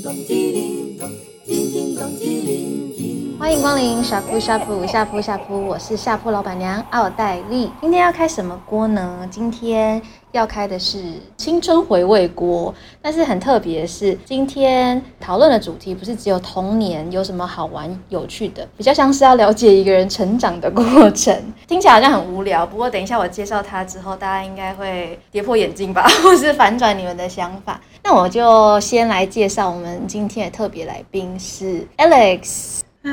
歡迎光臨呷哺呷哺呷哺呷哺，我是呷哺老闆娘奧黛麗。今天要開什麼鍋呢？今天要開的是青春回味鍋，但是很特別的是，今天討論的主題不是只有童年有什麼好玩有趣的，比較像是要了解一個人成長的過程。聽起來好像很無聊，不過等一下我介紹他之後，大家應該會跌破眼鏡吧，或是反轉你們的想法。那我就先來介紹我們今天的特別來賓是 Alex。嗨，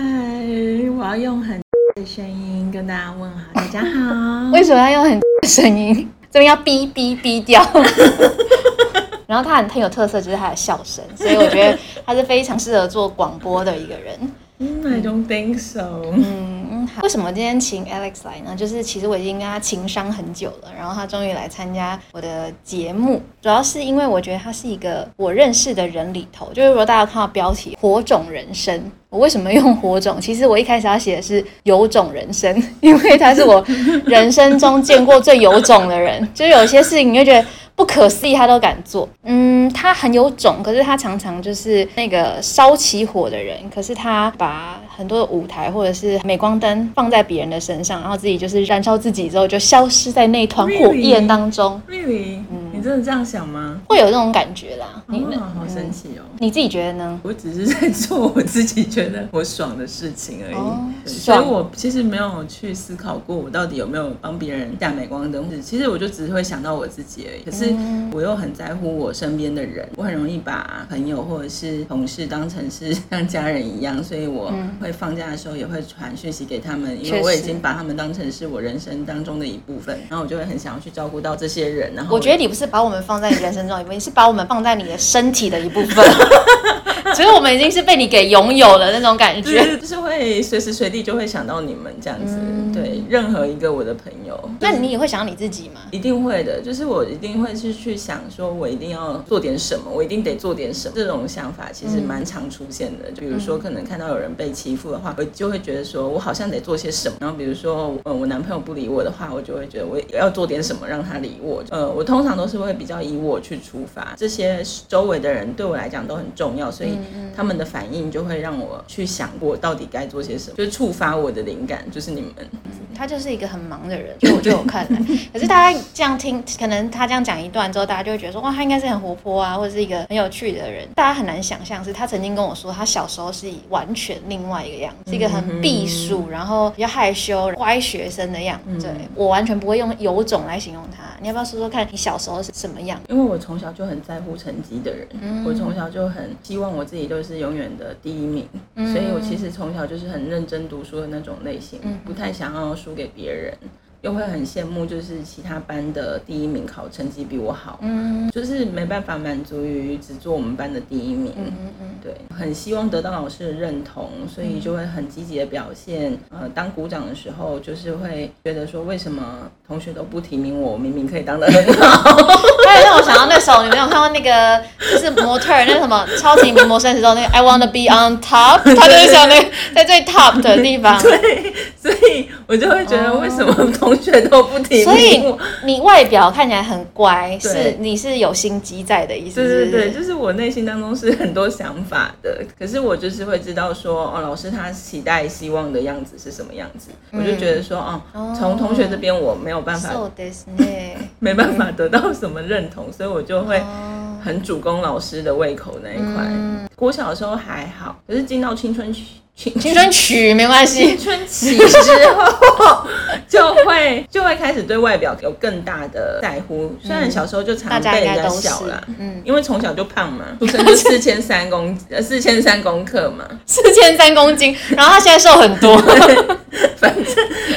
我要用很、X、的聲音跟大家問好，大家好。 為什麼要用很、X、的聲音？因為要逼逼逼掉， 然後他很很有特色，就是他的笑聲，所以我覺得他是非常適合做廣播的一個人。嗯，mm, I don't think so。嗯，好，為什麼今天請 Alex 來呢？就是其實我已經跟他情商很久了，然後他終於來參加我的節目，主要是因為我覺得他是一個我認識的人裡頭，就是如果大家看到標題《火種人生》。我為什麼用火種？其實我一開始要寫的是有種人生，因為他是我人生中見過最有種的人。 就是有些事情你就覺得不可思議，他都敢做。嗯，他很有種，可是他常常就是那個燒起火的人。可是他把很多的舞台或者是鎂光燈放在別人的身上，然後自己就是燃燒自己之後，就消失在那團火焰當中。Really? Really? 嗯。你真的這樣想嗎？會有這種感覺啦。哇，好神奇哦！你自己覺得呢？我只是在做我自己覺得我爽的事情而已，所以，我其實沒有去思考過我到底有沒有幫別人打鎂光燈。其實，我就只是會想到我自己而已。可是，我又很在乎我身邊的人，嗯、我很容易把朋友或者是同事當成是像家人一樣，所以我會放假的時候也會傳訊息給他們，因為我已經把他們當成是我人生當中的一部分。然後，我就會很想要去照顧到這些人。然後，我覺得你不是。把我們放在你人生中一部分，你是把我們放在你的身體的一部分。 所以我們已經是被你給擁有了那種感覺、就是，就是會隨時隨地就會想到你們這樣子。嗯、對，任何一個我的朋友，那你也會想你自己嗎？嗯？一定會的，就是我一定會是去想，說我一定要做點什麼，我一定得做點什麼。這種想法其實蠻常出現的。嗯、就比如說，可能看到有人被欺負的話，我就會覺得說我好像得做些什麼。然後，比如說，呃，我男朋友不理我的話，我就會覺得我要做點什麼讓他理我。呃，我通常都是會比較以我去出發，這些周圍的人對我來講都很重要，所以、嗯。他們的反應就會讓我去想過到底該做些什麼，就觸發我的靈感。就是你們，他就是一個很忙的人，就我，就我看來。 可是大家這樣聽，可能他這樣講一段之後，大家就會覺得說，哇，他應該是很活潑啊，或者是一個很有趣的人。大家很難想象是他曾經跟我說，他小時候是以完全另外一個樣子，嗯、是一個很避暑，然後比較害羞、乖學生的樣子。嗯、對，我完全不會用有種來形容他。你要不要說說看你小時候是什麼樣？因為我從小就很在乎成績的人，我從小就很希望我。自己都是永遠的第一名，所以我其實從小就是很認真讀書的那種類型，不太想要輸給別人。又會很羨慕，就是其他班的第一名考成績比我好，嗯，就是沒辦法滿足於只做我們班的第一名，嗯嗯嗯，對，很希望得到老師的認同，所以就會很積極的表現，呃，當鼓掌的時候，就是會覺得說，為什麼同學都不提名我，我明明可以當得很好？ 還有讓我想到那時候，你沒有看過那個就是模特那個、什麼超級名模三十周，那個 I wanna be on top，他就是想在在最 top 的地方對，對，所以我就會覺得為什麼、oh. 同學都不停，所以你外表看起來很乖，對是你是有心機在的意思是是。對對對，就是我內心當中是很多想法的，可是我就是會知道說，哦，老師他期待希望的樣子是什麼樣子，嗯、我就覺得說，哦、從、哦、同學這邊我沒有辦法，沒辦法得到什麼認同，所以我就會很主攻老師的胃口那一塊。嗯，我小時候還好，可是進到青春期。青青春期沒關係，青春期之後就會就會開始對外表有更大的在乎。嗯、雖然小時候就常被人家笑了家，嗯，因為從小就胖嘛，出生就四千三公四千三公克嘛，四千三公斤。然後他現在瘦很多，反正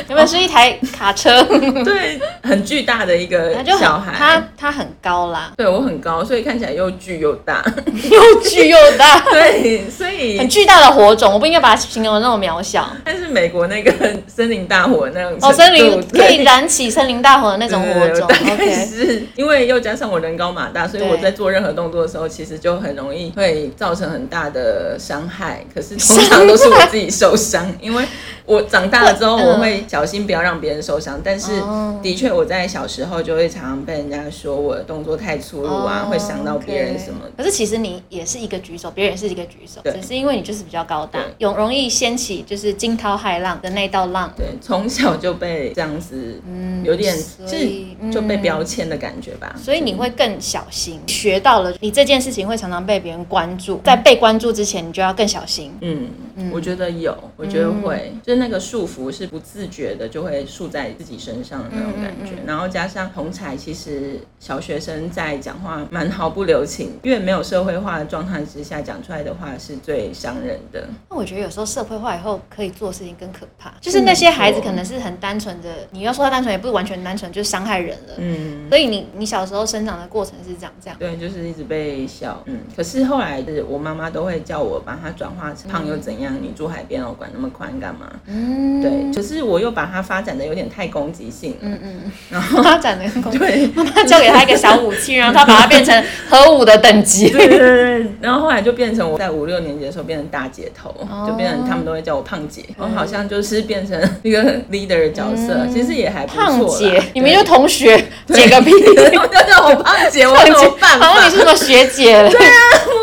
原本是一台卡車，哦、對，很巨大的一個小孩，他很他，他很高啦，對我很高，所以看起來又巨又大，又巨又大，對，所以很巨大的火種，我不應該把。形容那麼渺小，但是美國那個森林大火那種哦，森林可以燃起森林大火的那種火種。OK，是因為又加上我人高馬大，所以我在做任何動作的時候，其實就很容易會造成很大的傷害。可是通常都是我自己受傷，因為我長大了之後，我會小心不要讓別人受傷。但是的確，我在小時候就會常常被人家說我的動作太粗魯啊，會傷到別人什麼。可是其實你也是一個舉手，別人也是一個舉手，只是因為你就是比較高大，用。容易掀起就是驚濤駭浪的那道浪。對，從小就被這樣子，有點就、嗯嗯、就被標籤的感覺吧。所以你會更小心，是學到了你這件事情會常常被別人關注，在被關注之前，你就要更小心。嗯，嗯我覺得有，我覺得會，嗯、就是那個束縛是不自覺的就會束在自己身上的那種感覺。嗯嗯嗯嗯、然後加上同儕，其實小學生在講話蠻毫不留情，因為沒有社會化的狀態之下，講出來的話是最傷人的。那我覺得有。說社會化以後可以做事情更可怕，就是那些孩子可能是很單純的，你要說他單純也不是完全單純，就是傷害人了。嗯，所以你你小時候生長的過程是這樣這樣、嗯，對，就是一直被笑。嗯，可是後來的我媽媽都會叫我把它轉化成胖又怎樣，嗯、你住海邊我管那麼寬幹嘛？嗯，對。可是我又把它發展的有點太攻擊性嗯。嗯嗯嗯。然後發展的很攻擊性，對媽媽教給他一個小武器，然後他把它變成核武的等級。對,對對對。然後後來就變成我在五六年級的時候變成大姐頭。哦就他們都會叫我胖姐，嗯、我好像就是變成一個 leader 的角色，嗯、其實也還不錯。胖姐，對你們就同學，結個皮子都叫我胖姐，我怎麼辦法？哦，你是說學姐了？對啊。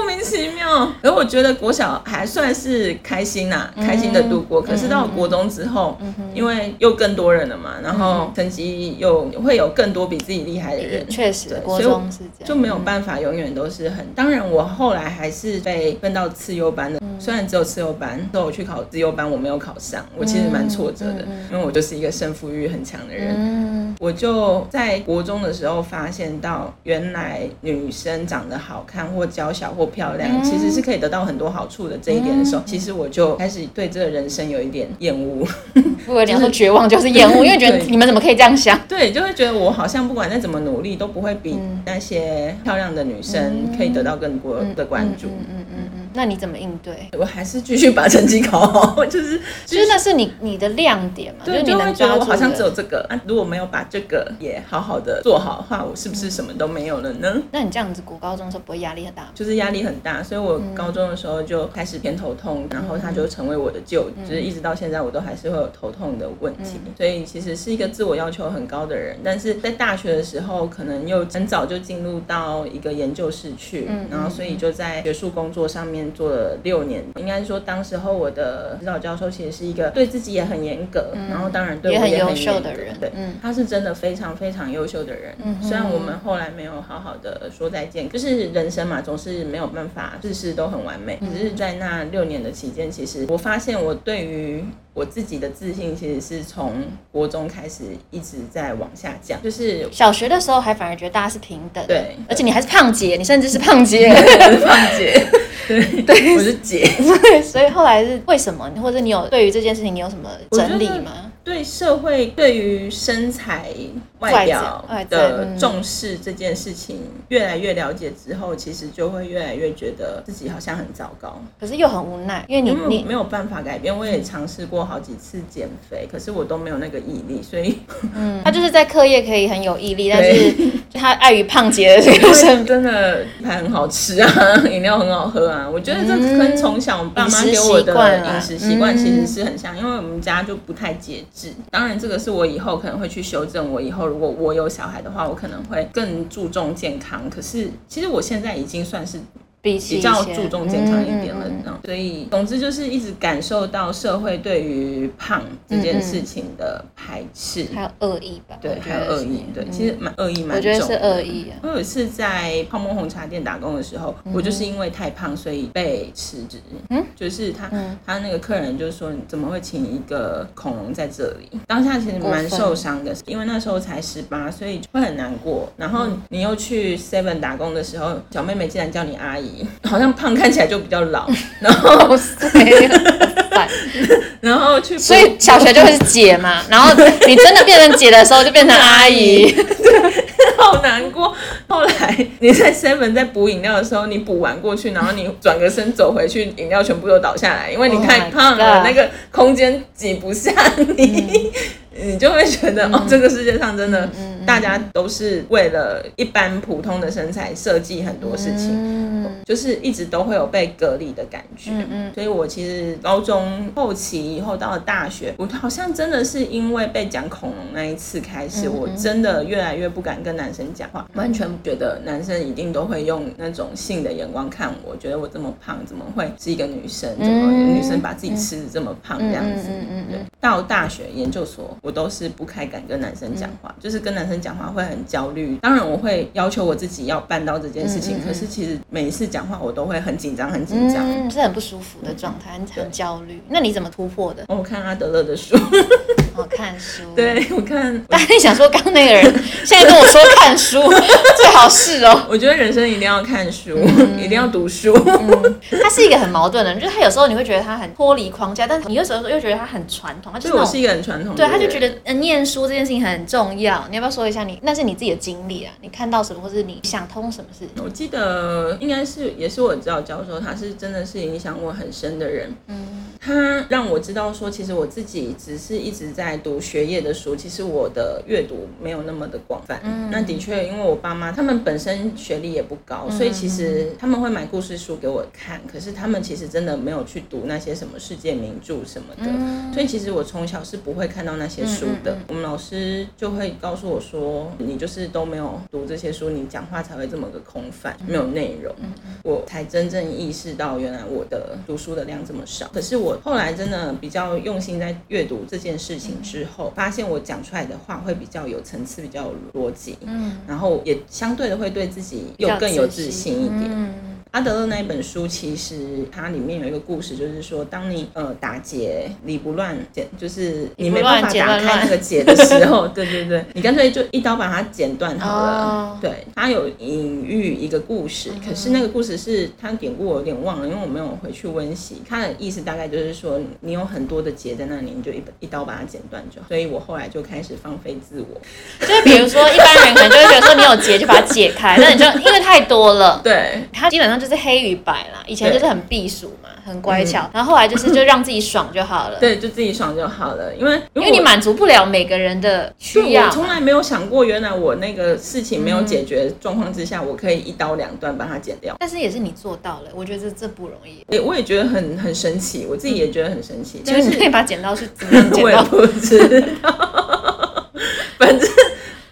而我覺得國小還算是開心吶、啊，開心的度過。嗯、可是到國中之後，嗯、因為又更多人了嘛，嗯、然後成績又會有更多比自己厲害的人，確實對，國中是這樣，所以我就沒有辦法永遠都是很。當然，我後來還是被分到次優班的，嗯、雖然只有次優班，但我去考次優班，我沒有考上，我其實蠻挫折的，嗯、因為我就是一個勝負欲很強的人。嗯、我就在國中的時候發現到，原來女生長得好看或嬌小或漂亮，其實、嗯。其實是可以得到很多好處的這一點的時候，嗯、其實我就開始對這個人生有一點厭惡，或者說絕望，就是厭惡，因為覺得你們怎麼可以這樣想？對，就會覺得我好像不管再怎麼努力，都不會比那些漂亮的女生可以得到更多的關注。嗯嗯,嗯,嗯,嗯,嗯,嗯,嗯嗯。那你怎麼應對？我還是繼續把成績考好，就是其實那是你，你的亮點嘛，就是你能抓住。我好像只有這個，那如果沒有把這個也好好的做好的話，我是不是什麼都沒有了呢？那你這樣子讀高中的時候不會壓力很大？就是壓力很大，所以我高中的時候就開始偏頭痛，然後他就成為我的舅，就是一直到現在我都還是會有頭痛的問題。所以其實是一個自我要求很高的人，但是在大學的時候可能又很早就進入到一個研究室去，然後所以就在學術工作上面。做了六年，應該說當時候我的指導教授其實是一個對自己也很嚴格，嗯、然後當然對我也很優秀的人，對，嗯，他是真的非常非常優秀的人。嗯哼，雖然我們後來沒有好好的說再見，就是人生嘛，總是沒有辦法事事都很完美。只是在那六年的期間，其實我發現我對於我自己的自信，其實是從國中開始一直在往下降。就是小學的時候還反而覺得大家是平等，對，而且你還是胖姐，你甚至是胖姐，胖姐。對對，對我是姐，對，所以後來是為什麼，或者你有對於這件事情你有什麼整理嗎？對社會對於身材外表的重視這件事情越來越了解之後，其實就會越來越覺得自己好像很糟糕，可是又很無奈，因為你你沒有辦法改變。我也嘗試過好幾次減肥，可是我都沒有那個毅力，所以，嗯，他就是在課業可以很有毅力，對但是他礙於胖姐的這個真的還很好吃啊，飲料很好喝啊，我覺得這跟從小爸媽給我的飲食習慣其實是很像，因為我們家就不太節制。當然，這個是我以後可能會去修正，我以後。如果我有小孩的話，我可能會更注重健康。可是其實我現在已經算是。比，比較注重健康一點了，你、嗯嗯嗯、知道？所以總之就是一直感受到社會對於胖這件事情的排斥，嗯嗯對，還有惡意吧？對，還有惡意。嗯、對，其實蠻惡意蠻重的。我覺得是惡意、啊。我有一次在泡沫紅茶店打工的時候，我就是因為太胖，所以被辭職。嗯，就是他，嗯、他那個客人就說，你怎麼會請一個恐龍在這裡？當下其實蠻受傷的，因為那時候才十八，所以就會很難過。然後你又去 Seven 打工的時候，小妹妹竟然叫你阿姨。好像胖看起來就比較老，然後， 然後去，所以小學就會是姐嘛，然後你真的變成姐的時候就變成阿姨， 對，好難過。後來你在 seven 在補飲料的時候，你補完過去，然後你轉個身走回去，飲 料全部都倒下來，因為你太胖了，oh、my God, 那個空間擠不下你， 你就會覺得 哦，這個世界上真的。 大家都是為了一般普通的身材設計很多事情，就是一直都會有被隔離的感覺。所以我其實高中後期以後到了大學，我好像真的是因為被講恐龍那一次開始，我真的越來越不敢跟男生講話，完全不覺得男生一定都會用那種性的眼光看我，覺得我這麼胖怎麼會是一個女生？怎麼女生把自己吃的這麼胖這樣子，對。到大學研究所，我都是不太敢跟男生講話，就是跟男生。講話會很焦慮，當然我會要求我自己要辦到這件事情。可是其實每一次講話，我都會很緊張，很緊張，嗯，是很不舒服的狀態，很焦慮。那你怎麼突破的？哦，我看阿德勒的書，我看書。對我看，但你想說剛那個人，現在跟我說看書最好是哦。我覺得人生一定要看書，一定要讀書。他是一個很矛盾的，就是他有時候你會覺得他很脫離框架，但是你有時候又覺得他很傳統。就我是一個很傳統，對，他就覺得念書這件事情很重要。你要不要說？像你那是你自己的經歷啊，你看到什麼，或是你想通什麼事？我記得應該是也是我指導教授，他是真的是影響我很深的人。嗯，他讓我知道說，其實我自己只是一直在讀學業的書，其實我的閱讀沒有那麼的廣泛。嗯，那的確，因為我爸媽他們本身學歷也不高，所以其實他們會買故事書給我看，可是他們其實真的沒有去讀那些什麼世界名著什麼的。嗯，所以其實我從小是不會看到那些書的。嗯嗯嗯，我們老師就會告訴我說。說你就是都沒有讀這些書，你講話才會這麼個空泛，嗯、沒有內容。嗯、我才真正意識到，原來我的讀書的量這麼少。可是我後來真的比較用心在閱讀這件事情之後，嗯、發現我講出來的話會比較有層次，比較有邏輯，嗯、然後也相對的會對自己又更有自信一點。阿德勒那一本書，其實它裡面有一個故事，就是說，當你呃打結理不亂剪，就是你沒辦法打開那個結的時候， 對對對，你乾脆就一刀把它剪斷好了。Oh. 對，它有隱喻一個故事，可是那個故事是它典故，我有點忘了，因為我沒有回去溫習。它的意思大概就是說，你有很多的結在那裡，你就一一刀把它剪斷就好。所以我後來就開始放飛自我，就比如說一般人可能就會覺得說，你有結就把它解開， 那你就因為太多了，對，他基本上。就是黑與白啦，以前就是很避暑嘛，對很乖巧。然後後來就是就讓自己爽就好了，對，就自己爽就好了。因為因為你滿足不了每個人的需要，我從來沒有想過，原來我那個事情沒有解決狀況之下，嗯、我可以一刀兩斷把它剪掉。但是也是你做到了，我覺得這這不容易，欸。我也覺得很很神奇，我自己也覺得很神奇。其實那把剪刀是怎麼剪？我也不知道，反正。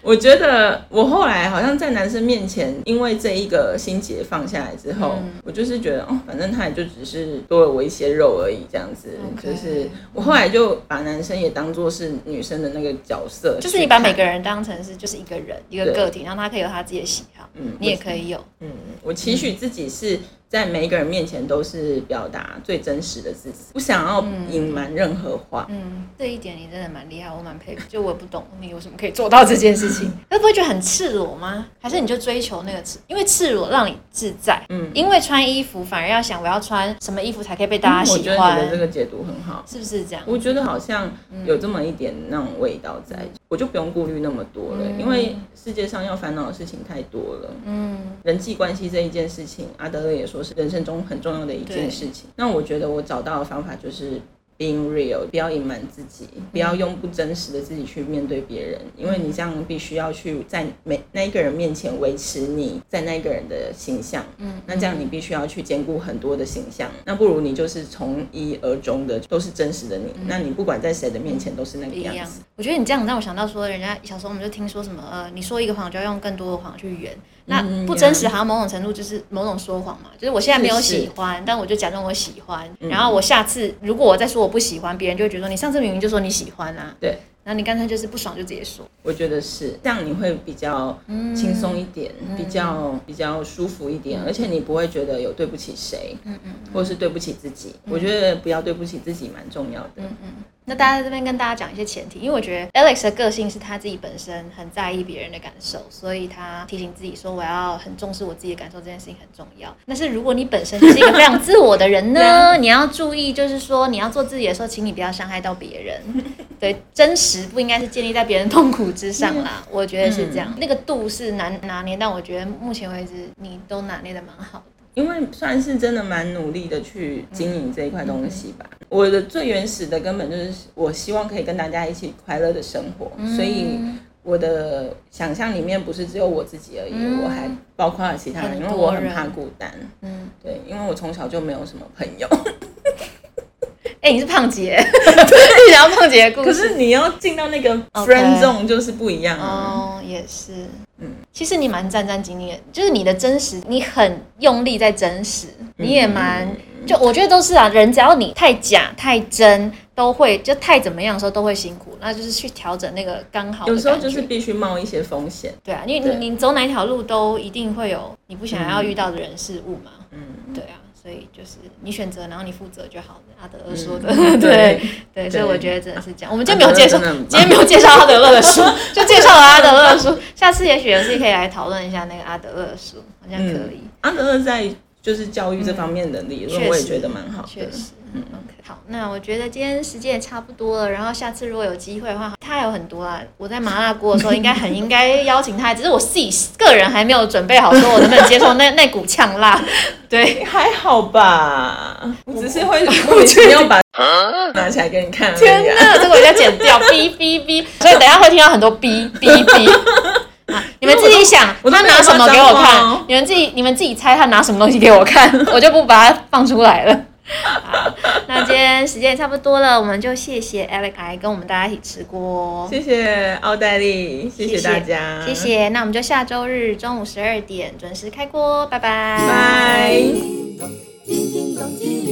我覺得我後來好像在男生面前，因為這一個心結放下來之後，嗯、我就是覺得哦，反正他也就只是多了我一些肉而已，這樣子，Okay. 就是我後來就把男生也當做是女生的那個角色，就是你把每個人當成是就是一個人一個個體，然後對他可以有他自己的喜好，嗯、你也可以有，嗯，我期許自己是在每一個人面前都是表達最真實的自己。不想要隱瞞任何話，嗯。嗯，這一點你真的蠻厲害，我蠻佩服。就我也不懂你有什麼可以做到這件事情，那 不會覺得很赤裸嗎？還是你就追求那個赤？嗯，因為赤裸讓你自在。嗯，因為穿衣服反而要想我要穿什麼衣服才可以被大家喜歡。嗯，我覺得的這個解讀很好，嗯，是不是這樣？我覺得好像有這麼一點那種味道在。我就不用顧慮那麼多了，嗯，因為世界上要煩惱的事情太多了。嗯，人際關係這一件事情，阿德勒也說是人生中很重要的一件事情。對那我覺得我找到的方法就是。Being real，不要隱瞞自己，不要用不真實的自己去面對別人，嗯、因為你這樣必須要去在每那一個人面前維持你在那一個人的形象。嗯，那這樣你必須要去兼顧很多的形象，嗯、那不如你就是從一而終的都是真實的你，嗯、那你不管在誰的面前都是那個樣子。一樣。我覺得你這樣讓我想到說，人家小時候我們就聽說什麼呃，你說一個謊就要用更多的謊去圓。那不真實，好像某種程度就是某種說謊嘛。就是我現在沒有喜歡，是是但我就假裝我喜歡。然後我下次如果我再說我不喜歡，別人就會覺得說，你上次明明就說你喜歡啊。對。那你剛才就是不爽就直接說，我覺得是這樣，你會比較輕鬆一點，嗯、比較、嗯、比較舒服一點，嗯、而且你不會覺得有對不起誰，嗯嗯，或是對不起自己。嗯、我覺得不要對不起自己蠻重要的。嗯嗯。那大家在這邊跟大家講一些前提，因為我覺得 Alex 的個性是他自己本身很在意別人的感受，所以他提醒自己說，我要很重視我自己的感受，這件事情很重要。但是如果你本身就是一個非常自我的人呢， 你要注意，就是說你要做自己的時候，請你不要傷害到別人。對，真實。不應該是建立在別人痛苦之上啦，我覺得是這樣。那個度是難拿捏，但我覺得目前為止你都拿捏的蠻好的。因為算是真的蠻努力的去經營這一塊東西吧。我的最原始的根本就是，我希望可以跟大家一起快樂的生活。所以我的想象裡面不是只有我自己而已，我還包括了其他人，因為我很怕孤單。嗯，對，因為我從小就沒有什麼朋友。哎、欸，你是胖姐，對， 你想要胖姐的故事， 可是你要進到那個 friend zone Okay. 就是不一樣哦、啊，oh, 也是，嗯，其實你蠻戰戰兢兢，就是你的真實，你很用力在真實，你也蠻，嗯、就我覺得都是啊，人只要你太假太真，都會就太怎麼樣的時候都會辛苦，那就是去調整那個剛好的，有時候就是必須冒一些風險。對啊，你對你走哪條路都一定會有你不想要遇到的人事物嘛，嗯，對啊。所以就是你選擇，然後你負責就好了。阿德勒說的，對、嗯、對，對對，所以我覺得真的是這樣。啊、我們今天沒有介紹，今天沒有介紹、啊、阿德勒的書，啊、 就介紹了阿德勒的書。啊、下次也許也可以來討論一下那個阿德勒的書，好像可以。嗯、阿德勒在。就是教育這方面的理論，嗯、我也覺得蠻好的。確實，確實嗯，okay. 好，那我覺得今天時間也差不多了。然後下次如果有機會的話，他有很多啊，我在麻辣鍋的時候，應該很應該邀請他。 只是我自己個人還沒有準備好，說我能不能接受那 那股嗆辣？對，還好吧。我只是會，我就要把、啊、拿起來給你看、啊。天哪， 這個我要剪掉，嗶嗶嗶。所以等下會聽到很多嗶嗶嗶。想，他在拿什麼給我看？你們自己，你們自己猜他拿什麼東西給我看， 我就不把它放出來了。啊，那今天時間也差不多了，我們就謝謝 Alex 跟我們大家一起吃鍋，謝謝奧黛麗，謝謝大家謝謝，謝謝。那我們就下周日中午十二點準時開鍋，拜拜，拜 Bye。